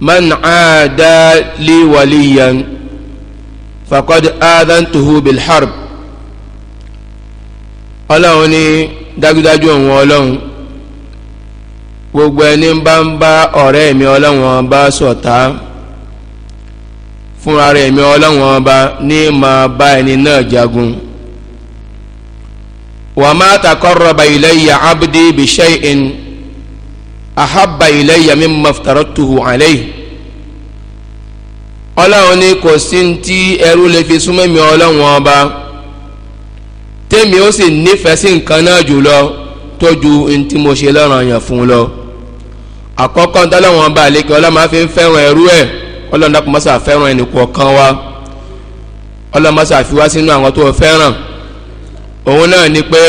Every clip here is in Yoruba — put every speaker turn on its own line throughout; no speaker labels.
من عادى لي وليا فقد آذنته بالحرب ọlọ́run ní dájúdájú òun ọlọ́run gbogbo ẹni bá ń bá ọ̀rẹ́ mi ọlọ́run ọba ṣọ̀tá fúnra rẹ̀ mi ọlọ́run ọba ní máa bá ẹni náà jagun wa ma taqarraba ilayya abdi bi Ahaba ilayya mimma aftaratuhu alayhi ọlọ́run ní kò sí ti ẹrú lè fi súnmọ́ mi ọlọ́run ọba tèmi ó sì nífẹ̀ẹ́ sí nǹkan náà jùlọ tójú ntí mo ṣe lọ́ràn yàn fún lọ àkọ́kọ́ dọ́lọ́wọ́n ọba àlekè ọlọ́mọ fi ń fẹ́ràn ẹrú ẹ̀ ọlọ́run dàpọ̀ mọ́sà fẹ́ràn ẹnì kọ̀ọ̀kan wa ọlọ́run mọ́sà fi wá sínú àwọn tó fẹ́ràn òun náà ni pé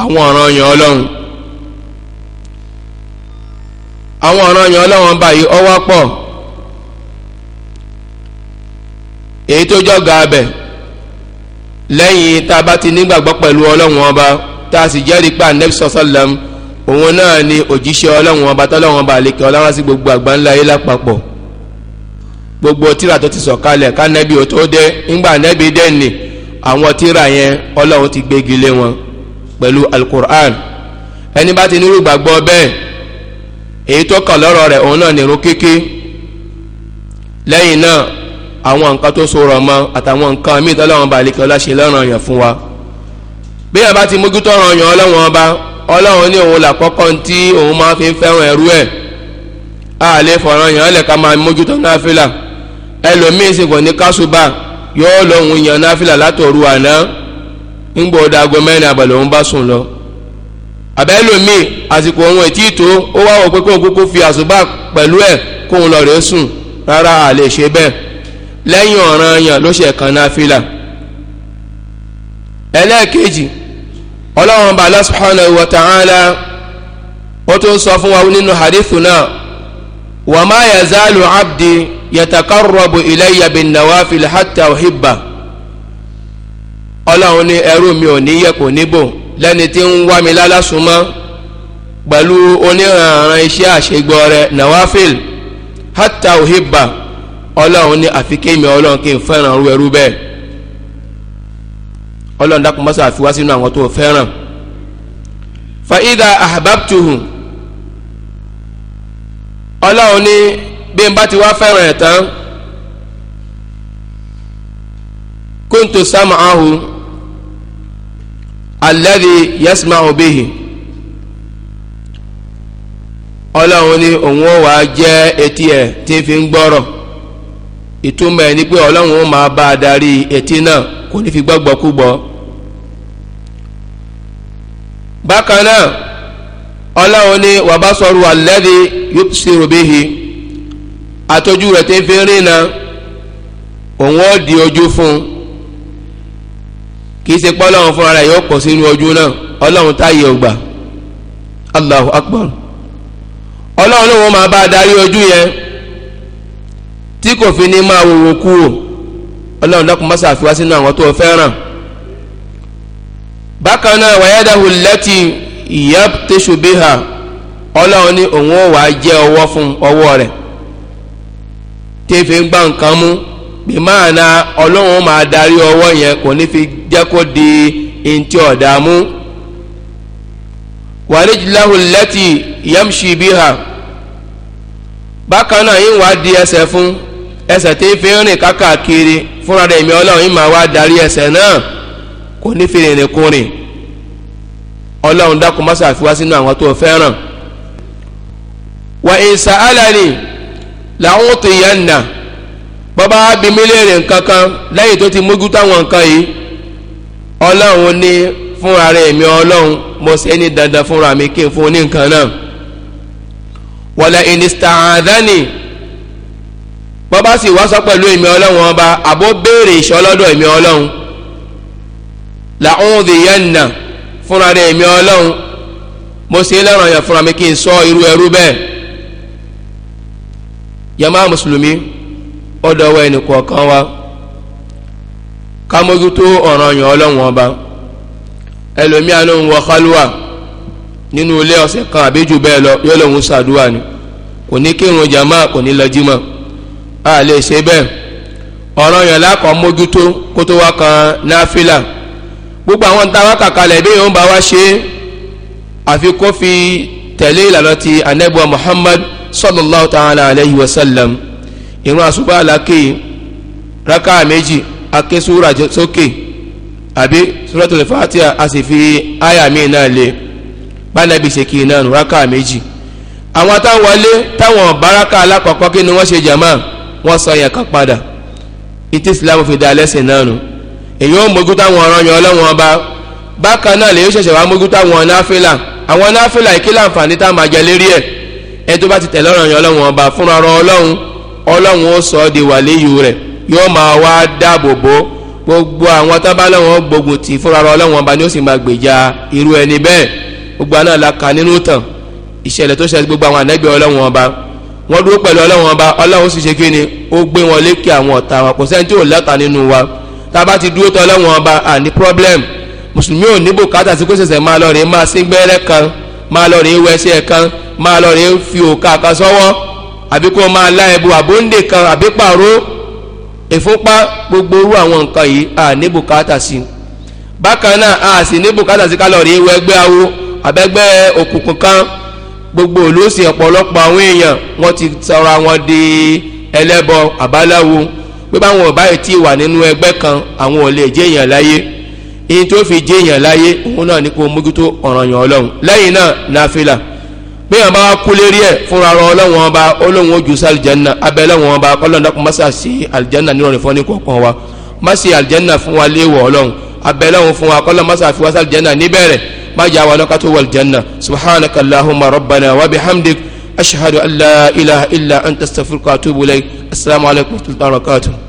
àwọn ọ̀ràn yàn ọlọ́run àwọn ọ̀ràn yẹn ọlọ́wọ́n báyìí ọwọ́ pọ̀ èyí tó jọ̀gà abẹ̀ lẹ́yìn tá a bá ti nígbàgbọ́ pẹ̀lú ọlọ́wọ́n ọba tá a sì jẹ́rìí pé anabi sọ́sọ́lẹ̀m òun náà ni òjíṣẹ́ ọlọ́wọ́n ọba tọ́lọ́wọ́n ọba àlekè ọlọ́wọ́n sí gbogbo àgbáńlá ayé lápapọ̀ gbogbo tíra tó ti sọ̀kalẹ̀ kánẹ́bí ò tó dé ńgbà nẹ́bí dẹ́ni àwọn tíra yẹn ọlọ́wọ́n ti gbégi lé wọn pẹ̀lú alukur'an ẹni bá ti nírú bẹ́ẹ̀ èyí tó kàn lọ́rọ̀ rẹ̀ òun náà nìrun kíkí lẹ́yìn náà àwọn nǹkan tó sọ̀rọ̀ mọ́ àtàwọn nǹkan míì tọ́lọ́wọ́n bá àlekè ọlá ṣe lọ́rọ̀ yàn fún wa bí yàrá ti mójútó ọ̀rọ̀ yàn ọlọ́wọ́n ọba ọlọ́run ní òun làkọ́kọ́ tí òun máa fi fẹ́ràn ẹrú ẹ̀ a lè fọ̀rọ̀ yàn lẹ̀ ká máa mójútó náfìlà ẹlòmíì sì kò ní kásùbà yóò lọ́hùn yàn náfìlà látòru àná ńgbò dago mẹ́rin àbàlẹ̀ òun bá sùn lọ àbẹ́lòmíì àsìkò òun ètí ìtò ó wá wọ pé kóun kúkú fi àsùbá pẹ̀lú ẹ̀ kóun lọ rèé sùn rárá à lè ṣe bẹ́ẹ̀ lẹ́yìn ọ̀ranyàn ló ṣe kan náfìlà ẹlẹ́ẹ̀kejì ọlọ́run bá Allah subhanahu wa ó tún sọ fún wa nínú hadithu náà wa ma yazalu abdi yatakarrabu ilayya bin nawafil hatta uhibba ọlọ́run ní ẹrú mi ò ní yẹ kò níbò lẹ́ni tí ń wá mi lálásùnmọ́ pẹ̀lú oníranran iṣẹ́ àṣegbọ́ rẹ nawafil hatta uhibba ọlọ́run ní àfikẹ́mi ọlọ́run kí n fẹ́ràn rú ẹrú bẹ́ẹ̀ ọlọ́run dákun mọ́sá àfiwá sínú àwọn tó fẹ́ràn fa idha ahbabtuhu ọlọ́run ní bí n bá ti wá fẹ́ràn ẹ̀ tán kuntu sam'ahu. alladhi yasma'u bihi ọlọ́run ní òun ó wàá jẹ́ etí ẹ̀ tí fi ń gbọ́rọ̀ ìtumọ̀ ẹ̀ ni pé ọlọ́run ó máa bá a darí etí náà kò ní fi gbọ́gbọ́ kú náà ọlọ́run wa basaru alladhi yubsiru bihi àtọ́jú rẹ̀ tí fi ń rìn náà òun kìí ṣe pé ọlọ́run fúnra rẹ̀ yóò kọ̀ sínú ojú náà ọlọ́run táyé ọgbà Allahu Akbar ọlọ́run ló wọ́n máa bá darí ojú yẹn tí kò fi ní máa wòwò kú o ọlọ́run dákun ṣàfihàn sínú àwọn tó fẹ́ràn bákan náà wàyádàhù lẹ́tì ìyá ọlọ́run ní òun ò wá jẹ́ ọwọ́ fún ọwọ́ rẹ̀ gbá gbìmáàna ọlọ́run máa darí ọwọ́ yẹn kò ní fi jẹ́ kó di ntí ọ̀dààmú. wàlejìláhùn lẹ́tì yamshi biha bákan náà yín wá di ẹsẹ̀ fún ẹsẹ̀ tí ń fi rìn kákàkiri fúnra rẹ̀ mi ọlọ́run yín máa wá darí ẹsẹ̀ náà kò ní fi rìnrìn kùnrin ọlọ́run dákun má ṣàfiwá sínú àwọn tó fẹ́ràn. wà ìsà ni làwọn tó yẹn nà bọ́bá bí mílíọ̀nù nǹkan kan lẹ́yìn tó ti mójú táwọn nǹkan yìí ọlọ́run ní fúnra rẹ̀ mi ọlọ́run mo ṣe ní dandan fúnra mi kí n fún ní nǹkan náà wala inista'adhani bọ́bá sì wá sọ pẹ̀lú èmi ọlọ́run ọba àbó béèrè ìṣọ́ lọ́dọ̀ èmi ọlọ́run la'udhiyanna fúnra rẹ̀ èmi ọlọ́run mo ṣe lọ́rọ̀ yẹn fúnra mi kí n sọ irú ẹrú bẹ́ẹ̀ yàmá mùsùlùmí ọdọwọ ẹnìkọ̀ọ̀kan wa ká mójútó ọ̀ràn yàn ọlọ́run ọba ẹlòmíà ló ń wọ kálúwà nínú ilé ọ̀sẹ̀ kan àbí jù bẹ́ẹ̀ lọ yóò lòun ṣàdúrà ni kò ní kírun jàmá kò ní lọ jímọ̀ a lè ṣe bẹ́ẹ̀ ọ̀ràn yàn lákọ̀ mójútó kó tó wá kan náfìlà gbogbo àwọn tá a wá kàkalẹ̀ bí yóò bá wá ṣe àfi kó fi tẹ̀lé ìlànà ti anẹ́bùa Muhammad sallallahu ta'ala alayhi wa sallam ìrun àṣùbà làákè rákà méjì aké súra sókè àbí suratul Fatiha a sì fi àyà míì náà lé bánàbí ṣe kì í náà rákà méjì àwọn táwọn wọlé táwọn báràkà alákọ̀ọ́kọ́ kí ni wọ́n ṣe jàmáà wọ́n sọ yẹn kan padà ìtí islam fi da lẹ́sìn náà nù èyí ó mójú táwọn ọ̀ràn yan ọlọ́wọ́n ọba bákan náà lèyí ṣẹ̀ṣẹ̀ wàá mójú táwọn náfìlà àwọn náfìlà ìkí láǹfààní tá a máa ẹ̀ tó bá ti tẹ̀lé ọ̀ràn yan ọlọ́wọ́n ọba fúnra ọ̀rọ̀ ọlọ́run ọlọ́run ó sọ ọ́ di wàléyù rẹ̀ yóò máa wá dáàbò bò gbogbo àwọn tábà lọ́wọ́n gbogbo tì fúnra rẹ̀ ọlọ́run ọba ni ó sì máa gbèjà irú ẹni bẹ́ẹ̀ gbogbo àná la kà nínú tàn ìṣẹ̀lẹ̀ tó ṣẹlẹ̀ gbogbo àwọn ànẹ́gbẹ́ ọlọ́run ọba wọ́n dúró pẹ̀lú ọlọ́run ọba ọlọ́run sì ṣe kí ni ó gbé wọn lékè àwọn ọ̀tá wọn kò sẹ́ni tí ò lẹ́ta nínú wa tábà ti dúró tọ́ ọlọ́run ọba àní problem mùsùlùmí ò ní bùkátà sí kó ṣẹ̀ṣẹ̀ máa lọ rèé máa sí gbẹ́rẹ́ kan máa lọ rèé wẹsẹ̀ kan máa lọ rèé fi òkà kan sọ́wọ́ àbí kó máa lá ẹbu àbóǹdè kan àbí pàró ìfúnpá gbogbo orú àwọn nǹkan yìí à ní bùkátà sí bákan náà a sì ní bùkátà sí kálọ̀rì ewu ẹgbẹ́ awo àbẹ́gbẹ́ òkùnkùn kan gbogbo olóòsì ọ̀pọ̀lọpọ̀ àwọn èèyàn wọ́n ti sọra wọn di ẹlẹ́bọ àbáláwo pé báwọn ọba yìí ti wà nínú ẹgbẹ́ kan àwọn ò lè jẹ́ láyé èyí tó fi jẹ́ láyé òun náà ní kó mójútó ọ̀ràn yàn ọlọ́run lẹ́yìn náà náfìlà. Na bí wọn bá wá kú lérí ẹ fúnra rọ ọlọ́wọ́n ọba ọlọ́wọ́n ojú sí alìjẹ́nà abẹ́ ọba ọlọ́run dákun mọ́sá sí alìjẹ́nà nírọ̀rùn fún ní kọ̀ọ̀kan wa mọ́sí alìjẹ́nà fún wa léèwọ̀ ọlọ́run abẹ́ fún wa kọ́lọ́ mọ́sá fi wá sí alìjẹ́nà níbẹ̀rẹ̀ má jà wà lọ́kàtó wà alìjẹ́nà subhanaka allahumma rabbana wa bihamdik ashhadu an ilaha illa anta astaghfiruka wa atubu wa rahmatullahi wa barakatuh